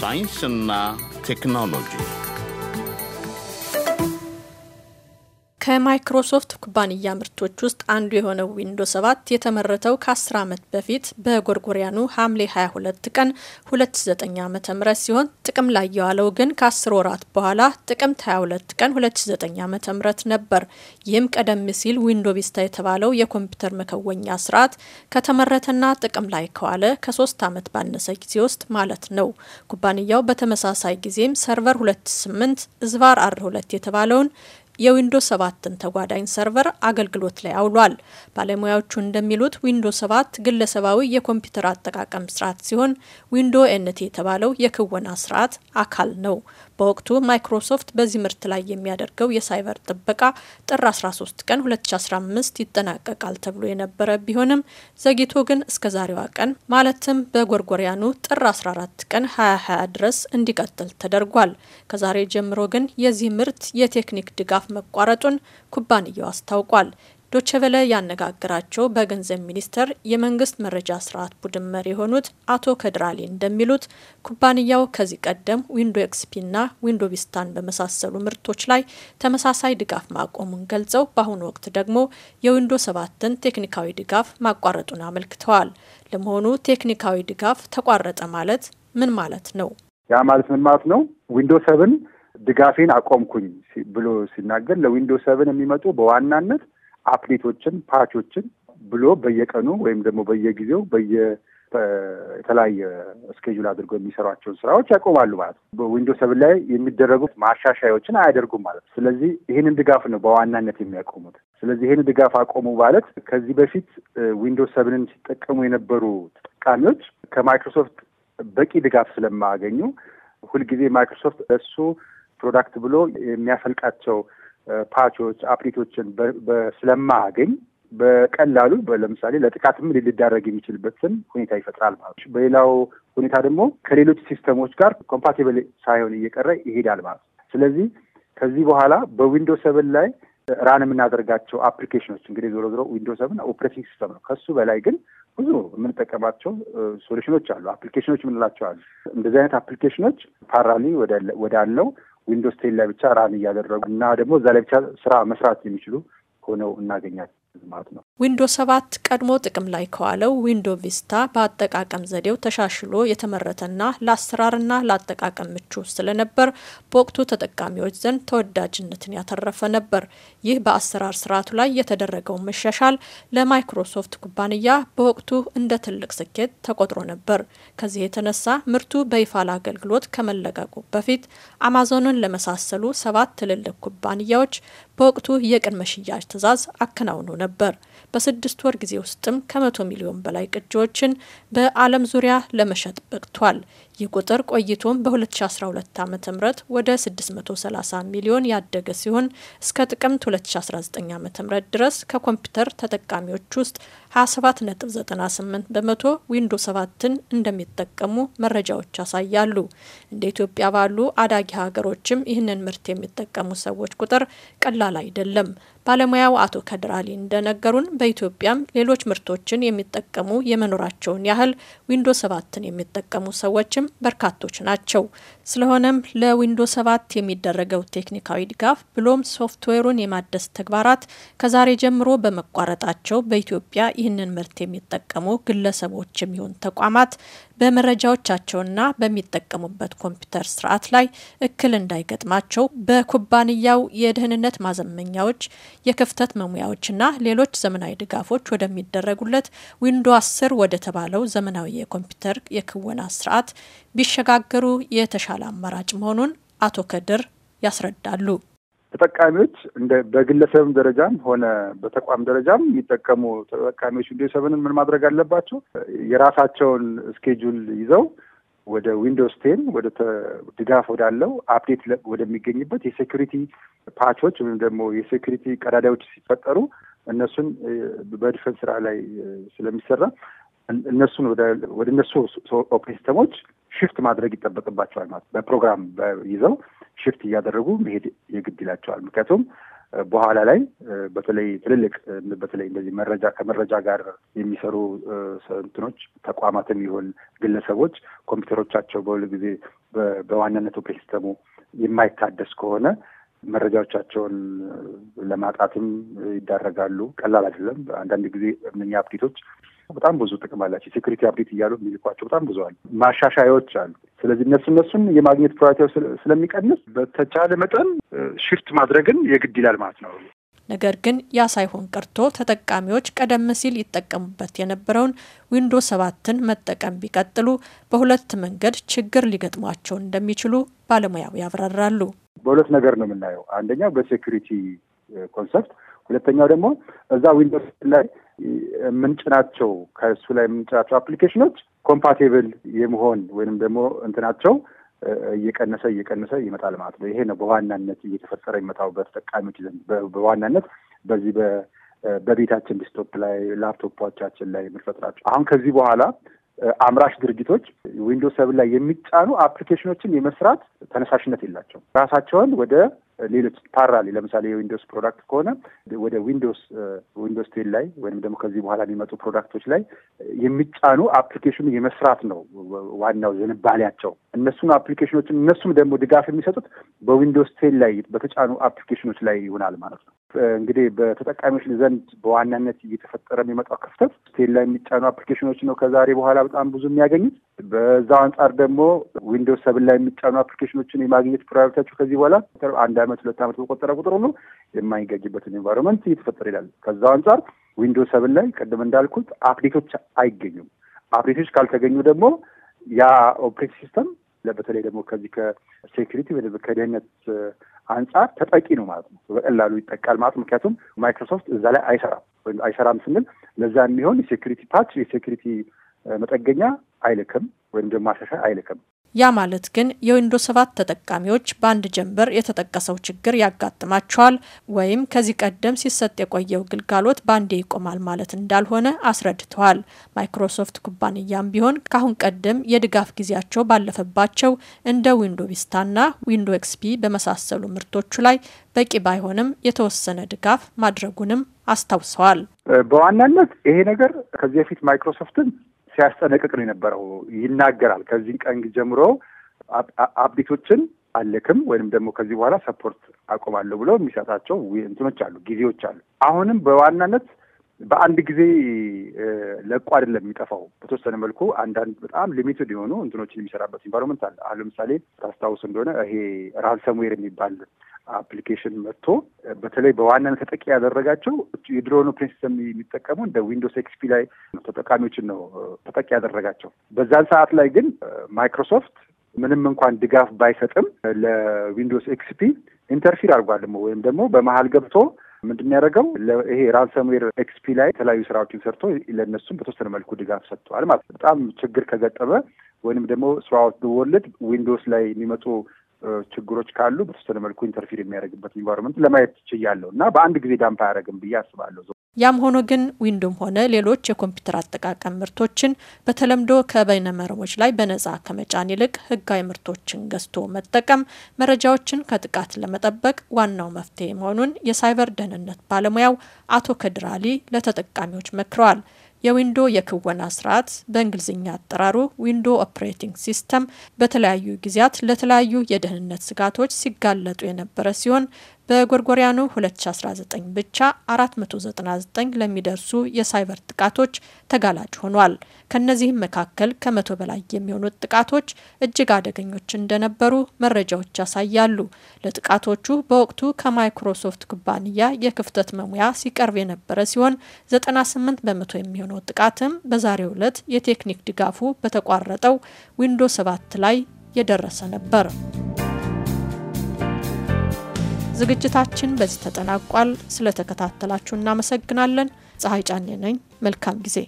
ሳይንስና ቴክኖሎጂ ከማይክሮሶፍት ኩባንያ ምርቶች ውስጥ አንዱ የሆነው ዊንዶ 7 የተመረተው ከ10 ዓመት በፊት በጎርጎሪያኑ ሐምሌ 22 ቀን 2009 ዓ.ም ሲሆን ጥቅም ላይ የዋለው ግን ከ10 ወራት በኋላ ጥቅምት 22 ቀን 2009 ም ነበር። ይህም ቀደም ሲል ዊንዶ ቪስታ የተባለው የኮምፒውተር መከወኛ ስርዓት ከተመረተና ጥቅም ላይ ከዋለ ከ3 ዓመት ባነሰ ጊዜ ውስጥ ማለት ነው። ኩባንያው በተመሳሳይ ጊዜም ሰርቨር 28 ዝቫር አር2 የተባለውን የዊንዶስ 7ን ተጓዳኝ ሰርቨር አገልግሎት ላይ አውሏል። ባለሙያዎቹ እንደሚሉት ዊንዶስ 7 ግለሰባዊ የኮምፒውተር አጠቃቀም ስርዓት ሲሆን ዊንዶ ኤንቲ የተባለው የክወና ስርዓት አካል ነው። በወቅቱ ማይክሮሶፍት በዚህ ምርት ላይ የሚያደርገው የሳይበር ጥበቃ ጥር 13 ቀን 2015 ይጠናቀቃል ተብሎ የነበረ ቢሆንም ዘግይቶ ግን እስከ ዛሬዋ ቀን ማለትም በጎርጎሪያኑ ጥር 14 ቀን 2020 ድረስ እንዲቀጥል ተደርጓል። ከዛሬ ጀምሮ ግን የዚህ ምርት የቴክኒክ ድጋፍ መቋረጡን ኩባንያው አስታውቋል። ዶቸቨለ ያነጋግራቸው በገንዘብ ሚኒስቴር የመንግስት መረጃ ስርዓት ቡድን መሪ የሆኑት አቶ ከድራሊ እንደሚሉት ኩባንያው ከዚህ ቀደም ዊንዶ ኤክስፒ እና ዊንዶ ቪስታን በመሳሰሉ ምርቶች ላይ ተመሳሳይ ድጋፍ ማቆሙን ገልጸው በአሁኑ ወቅት ደግሞ የዊንዶ ሰባትን ቴክኒካዊ ድጋፍ ማቋረጡን አመልክተዋል። ለመሆኑ ቴክኒካዊ ድጋፍ ተቋረጠ ማለት ምን ማለት ነው? ያ ማለት ምን ማለት ነው? ዊንዶ ሰብን ድጋፌን አቆምኩኝ ብሎ ሲናገር ለዊንዶ ሰብን የሚመጡ በዋናነት አትሌቶችን፣ ፓቾችን ብሎ በየቀኑ ወይም ደግሞ በየጊዜው በየ የተለያየ እስኬጁል አድርጎ የሚሰሯቸውን ስራዎች ያቆማሉ ማለት ነው። በዊንዶ ሰብን ላይ የሚደረጉ ማሻሻያዎችን አያደርጉም ማለት ነው። ስለዚህ ይህንን ድጋፍ ነው በዋናነት የሚያቆሙት። ስለዚህ ይህን ድጋፍ አቆሙ ማለት ከዚህ በፊት ዊንዶ ሰብንን ሲጠቀሙ የነበሩ ተጠቃሚዎች ከማይክሮሶፍት በቂ ድጋፍ ስለማያገኙ ሁልጊዜ ማይክሮሶፍት እሱ ፕሮዳክት ብሎ የሚያፈልቃቸው ፓቾች አፕዴቶችን ስለማገኝ በቀላሉ ለምሳሌ ለጥቃትም ሊዳረግ የሚችልበትን ሁኔታ ይፈጥራል ማለት ነው። በሌላው ሁኔታ ደግሞ ከሌሎች ሲስተሞች ጋር ኮምፓቲብል ሳይሆን እየቀረ ይሄዳል ማለት ነው። ስለዚህ ከዚህ በኋላ በዊንዶ ሰብን ላይ ራን የምናደርጋቸው አፕሊኬሽኖች እንግዲህ ዞሮ ዞሮ ዊንዶ ሰብን ኦፕሬቲንግ ሲስተም ነው። ከሱ በላይ ግን ብዙ የምንጠቀማቸው ሶሉሽኖች አሉ፣ አፕሊኬሽኖች የምንላቸው አሉ። እንደዚህ አይነት አፕሊኬሽኖች ፓራሊ ወዳለው ዊንዶስ ቴን ላይ ብቻ ራን እያደረጉ እና ደግሞ እዛ ላይ ብቻ ስራ መስራት የሚችሉ ሆነው እናገኛለን። ማለት ነው። ዊንዶ ሰባት ቀድሞ ጥቅም ላይ ከዋለው ዊንዶ ቪስታ በአጠቃቀም ዘዴው ተሻሽሎ የተመረተና ለአሰራርና ለአጠቃቀም ምቹ ስለነበር በወቅቱ ተጠቃሚዎች ዘንድ ተወዳጅነትን ያተረፈ ነበር። ይህ በአሰራር ስርዓቱ ላይ የተደረገው መሻሻል ለማይክሮሶፍት ኩባንያ በወቅቱ እንደ ትልቅ ስኬት ተቆጥሮ ነበር። ከዚህ የተነሳ ምርቱ በይፋ ለአገልግሎት ከመለቀቁ በፊት አማዞንን ለመሳሰሉ ሰባት ትልልቅ ኩባንያዎች በወቅቱ የቅድመ ሽያጭ ትዕዛዝ አከናውኖ ነበር። በስድስት ወር ጊዜ ውስጥም ከመቶ ሚሊዮን በላይ ቅጂዎችን በዓለም ዙሪያ ለመሸጥ በቅቷል። ይህ ቁጥር ቆይቶም በ2012 ዓ ም ወደ 630 ሚሊዮን ያደገ ሲሆን እስከ ጥቅምት 2019 ዓ ም ድረስ ከኮምፒውተር ተጠቃሚዎች ውስጥ 27.98 በመቶ ዊንዶ 7ን እንደሚጠቀሙ መረጃዎች ያሳያሉ። እንደ ኢትዮጵያ ባሉ አዳጊ ሀገሮችም ይህንን ምርት የሚጠቀሙ ሰዎች ቁጥር ቀላል አይደለም። ባለሙያው አቶ ከድራሊ እንደነገሩን በኢትዮጵያም ሌሎች ምርቶችን የሚጠቀሙ የመኖራቸውን ያህል ዊንዶ ሰባትን የሚጠቀሙ ሰዎችም በርካቶች ናቸው። ስለሆነም ለዊንዶ ሰባት የሚደረገው ቴክኒካዊ ድጋፍ ብሎም ሶፍትዌሩን የማደስ ተግባራት ከዛሬ ጀምሮ በመቋረጣቸው በኢትዮጵያ ይህንን ምርት የሚጠቀሙ ግለሰቦች የሚሆን ተቋማት በመረጃዎቻቸውና በሚጠቀሙበት ኮምፒውተር ስርዓት ላይ እክል እንዳይገጥማቸው በኩባንያው የደህንነት ማዘመኛዎች፣ የክፍተት መሙያዎችና ሌሎች ዘመናዊ ድጋፎች ወደሚደረጉለት ዊንዶ አስር ወደ ተባለው ዘመናዊ የኮምፒውተር የክወና ስርዓት ቢሸጋገሩ የተሻለ አማራጭ መሆኑን አቶ ከድር ያስረዳሉ። ተጠቃሚዎች እንደ በግለሰብም ደረጃም ሆነ በተቋም ደረጃም የሚጠቀሙ ተጠቃሚዎች ዊንዶውስ ሰቨንን ምን ማድረግ አለባቸው? የራሳቸውን እስኬጁል ይዘው ወደ ዊንዶስ ቴን ወደ ድጋፍ ወዳለው አፕዴት ወደሚገኝበት የሴኩሪቲ ፓቾች ወይም ደግሞ የሴኩሪቲ ቀዳዳዎች ሲፈጠሩ እነሱን በዲፈንስ ስራ ላይ ስለሚሰራ እነሱን ወደ እነሱ ኦፕሬ ሲስተሞች ሽፍት ማድረግ ይጠበቅባቸዋል ማለት በፕሮግራም ይዘው ሽፍት እያደረጉ መሄድ የግድ ይላቸዋል። ምክንያቱም በኋላ ላይ በተለይ ትልልቅ በተለይ እንደዚህ መረጃ ከመረጃ ጋር የሚሰሩ እንትኖች ተቋማትም ይሁን ግለሰቦች ኮምፒውተሮቻቸው በሁሉ ጊዜ በዋናነት ኦፕሬቲንግ ሲስተሙ የማይታደስ ከሆነ መረጃዎቻቸውን ለማጣትም ይዳረጋሉ። ቀላል አይደለም። አንዳንድ ጊዜ እነኛ አፕዴቶች በጣም ብዙ ጥቅም አላቸው። ሴኩሪቲ አፕዴት እያሉ የሚልኳቸው በጣም ብዙ አሉ፣ ማሻሻያዎች አሉ። ስለዚህ እነሱ እነሱን የማግኘት ፕራዮሪቲው ስለሚቀንስ በተቻለ መጠን ሽፍት ማድረግን የግድ ይላል ማለት ነው። ነገር ግን ያ ሳይሆን ቀርቶ ተጠቃሚዎች ቀደም ሲል ይጠቀሙበት የነበረውን ዊንዶ ሰባትን መጠቀም ቢቀጥሉ በሁለት መንገድ ችግር ሊገጥሟቸው እንደሚችሉ ባለሙያው ያብራራሉ። በሁለት ነገር ነው የምናየው። አንደኛው በሴኩሪቲ ኮንሰፕት፣ ሁለተኛው ደግሞ እዛ ዊንዶውስ ላይ ምንጭ ናቸው። ከእሱ ላይ ናቸው አፕሊኬሽኖች ኮምፓቴብል የመሆን ወይንም ደግሞ እንትናቸው እየቀነሰ እየቀነሰ ይመጣል ማለት ነው። ይሄ ነው በዋናነት እየተፈጠረ ይመጣው በተጠቃሚዎች ዘንድ በዋናነት በዚህ በቤታችን ዲስቶፕ ላይ ላፕቶፖቻችን ላይ የምንፈጥራቸው አሁን ከዚህ በኋላ አምራች ድርጅቶች ዊንዶውስ ሰብን ላይ የሚጫኑ አፕሊኬሽኖችን የመስራት ተነሳሽነት የላቸውም። ራሳቸውን ወደ ሌሎች ፓራሌ ለምሳሌ የዊንዶስ ፕሮዳክት ከሆነ ወደ ዊንዶውስ ዊንዶስ ቴን ላይ ወይም ደግሞ ከዚህ በኋላ የሚመጡ ፕሮዳክቶች ላይ የሚጫኑ አፕሊኬሽኑ የመስራት ነው ዋናው ዝንባሌያቸው። እነሱን አፕሊኬሽኖችን እነሱም ደግሞ ድጋፍ የሚሰጡት በዊንዶስ ቴን ላይ በተጫኑ አፕሊኬሽኖች ላይ ይሆናል ማለት ነው። እንግዲህ በተጠቃሚዎች ዘንድ በዋናነት እየተፈጠረ የሚመጣው ክፍተት ቴን ላይ የሚጫኑ አፕሊኬሽኖች ነው ከዛሬ በኋላ በጣም ብዙ የሚያገኙት በዛ አንጻር ደግሞ ዊንዶውስ ሰብን ላይ የሚጫኑ አፕሊኬሽኖችን የማግኘት ፕራዮሪቲያቸው ከዚህ በኋላ አንድ አመት ሁለት ዓመት በቆጠረ ቁጥር ሁሉ የማይገኝበትን ኤንቫይሮንመንት እየተፈጠረ ይላል። ከዛ አንጻር ዊንዶውስ ሰብን ላይ ቅድም እንዳልኩት አፕዴቶች አይገኙም። አፕዴቶች ካልተገኙ ደግሞ ያ ኦፕሬት ሲስተም በተለይ ደግሞ ከዚህ ከሴኪሪቲ ወይ ከደህንነት አንጻር ተጠቂ ነው ማለት ነው። በቀላሉ ይጠቃል ማለት ምክንያቱም ማይክሮሶፍት እዛ ላይ አይሰራም። አይሰራም ስንል ለዛ የሚሆን የሴኪሪቲ ፓች የሴኪሪቲ መጠገኛ አይልክም ወይም ደግሞ ማሻሻያ አይልክም። ያ ማለት ግን የዊንዶስ ሰባት ተጠቃሚዎች በአንድ ጀንበር የተጠቀሰው ችግር ያጋጥማቸዋል ወይም ከዚህ ቀደም ሲሰጥ የቆየው ግልጋሎት በአንዴ ይቆማል ማለት እንዳልሆነ አስረድተዋል። ማይክሮሶፍት ኩባንያም ቢሆን ከአሁን ቀደም የድጋፍ ጊዜያቸው ባለፈባቸው እንደ ዊንዶ ቪስታና ዊንዶ ኤክስፒ በመሳሰሉ ምርቶቹ ላይ በቂ ባይሆንም የተወሰነ ድጋፍ ማድረጉንም አስታውሰዋል። በዋናነት ይሄ ነገር ከዚህ በፊት ማይክሮሶፍትን ሲያስጠነቅቅ ነው የነበረው። ይናገራል። ከዚህ ቀን ጀምሮ አብዴቶችን አልክም ወይም ደግሞ ከዚህ በኋላ ሰፖርት አቆማለሁ ብለው የሚሰጣቸው እንትኖች አሉ፣ ጊዜዎች አሉ። አሁንም በዋናነት በአንድ ጊዜ ለቆ አይደለም የሚጠፋው። በተወሰነ መልኩ አንዳንድ በጣም ሊሚትድ የሆኑ እንትኖችን የሚሰራበት ኢንቫይሮመንት አለ። አሁን ለምሳሌ ታስታውስ እንደሆነ ይሄ ራንሰምዌር የሚባል አፕሊኬሽን መጥቶ በተለይ በዋናነት ተጠቂ ያደረጋቸው የድሮኑ ፕሪንሲስተም የሚጠቀሙ እንደ ዊንዶስ ኤክስፒ ላይ ተጠቃሚዎችን ነው ተጠቂ ያደረጋቸው። በዛን ሰዓት ላይ ግን ማይክሮሶፍት ምንም እንኳን ድጋፍ ባይሰጥም ለዊንዶስ ኤክስፒ ኢንተርፊር አድርጓል ወይም ደግሞ በመሀል ገብቶ ምንድን ያደረገው ይሄ ራንሰምዌር ኤክስፒ ላይ የተለያዩ ስራዎችን ሰርቶ ለእነሱም በተወሰነ መልኩ ድጋፍ ሰጥተዋል ማለት ነው። በጣም ችግር ከገጠመ ወይንም ደግሞ ስራዎት ወርልድ ዊንዶውስ ላይ የሚመጡ ችግሮች ካሉ በተወሰነ መልኩ ኢንተርፊር የሚያደርግበት ኢንቫይሮንመንት ለማየት ችያለሁ እና በአንድ ጊዜ ዳምፕ አያደርግም ብዬ አስባለሁ። ያም ሆኖ ግን ዊንዶም ሆነ ሌሎች የኮምፒውተር አጠቃቀም ምርቶችን በተለምዶ ከበይነ መረቦች ላይ በነጻ ከመጫን ይልቅ ህጋዊ ምርቶችን ገዝቶ መጠቀም መረጃዎችን ከጥቃት ለመጠበቅ ዋናው መፍትሄ መሆኑን የሳይበር ደህንነት ባለሙያው አቶ ከድራሊ ለተጠቃሚዎች መክረዋል። የዊንዶ የክወና ስርዓት በእንግሊዝኛ አጠራሩ ዊንዶ ኦፕሬቲንግ ሲስተም በተለያዩ ጊዜያት ለተለያዩ የደህንነት ስጋቶች ሲጋለጡ የነበረ ሲሆን በጎርጎሪያኑ 2019 ብቻ 499 ለሚደርሱ የሳይበር ጥቃቶች ተጋላጭ ሆኗል። ከነዚህም መካከል ከመቶ በላይ የሚሆኑት ጥቃቶች እጅግ አደገኞች እንደነበሩ መረጃዎች ያሳያሉ። ለጥቃቶቹ በወቅቱ ከማይክሮሶፍት ኩባንያ የክፍተት መሙያ ሲቀርብ የነበረ ሲሆን 98 በመቶ የሚሆነው ጥቃትም በዛሬው ዕለት የቴክኒክ ድጋፉ በተቋረጠው ዊንዶስ 7 ላይ የደረሰ ነበር። ዝግጅታችን በዚህ ተጠናቋል። ስለተከታተላችሁ እናመሰግናለን። ፀሐይ ጫኔ ነኝ። መልካም ጊዜ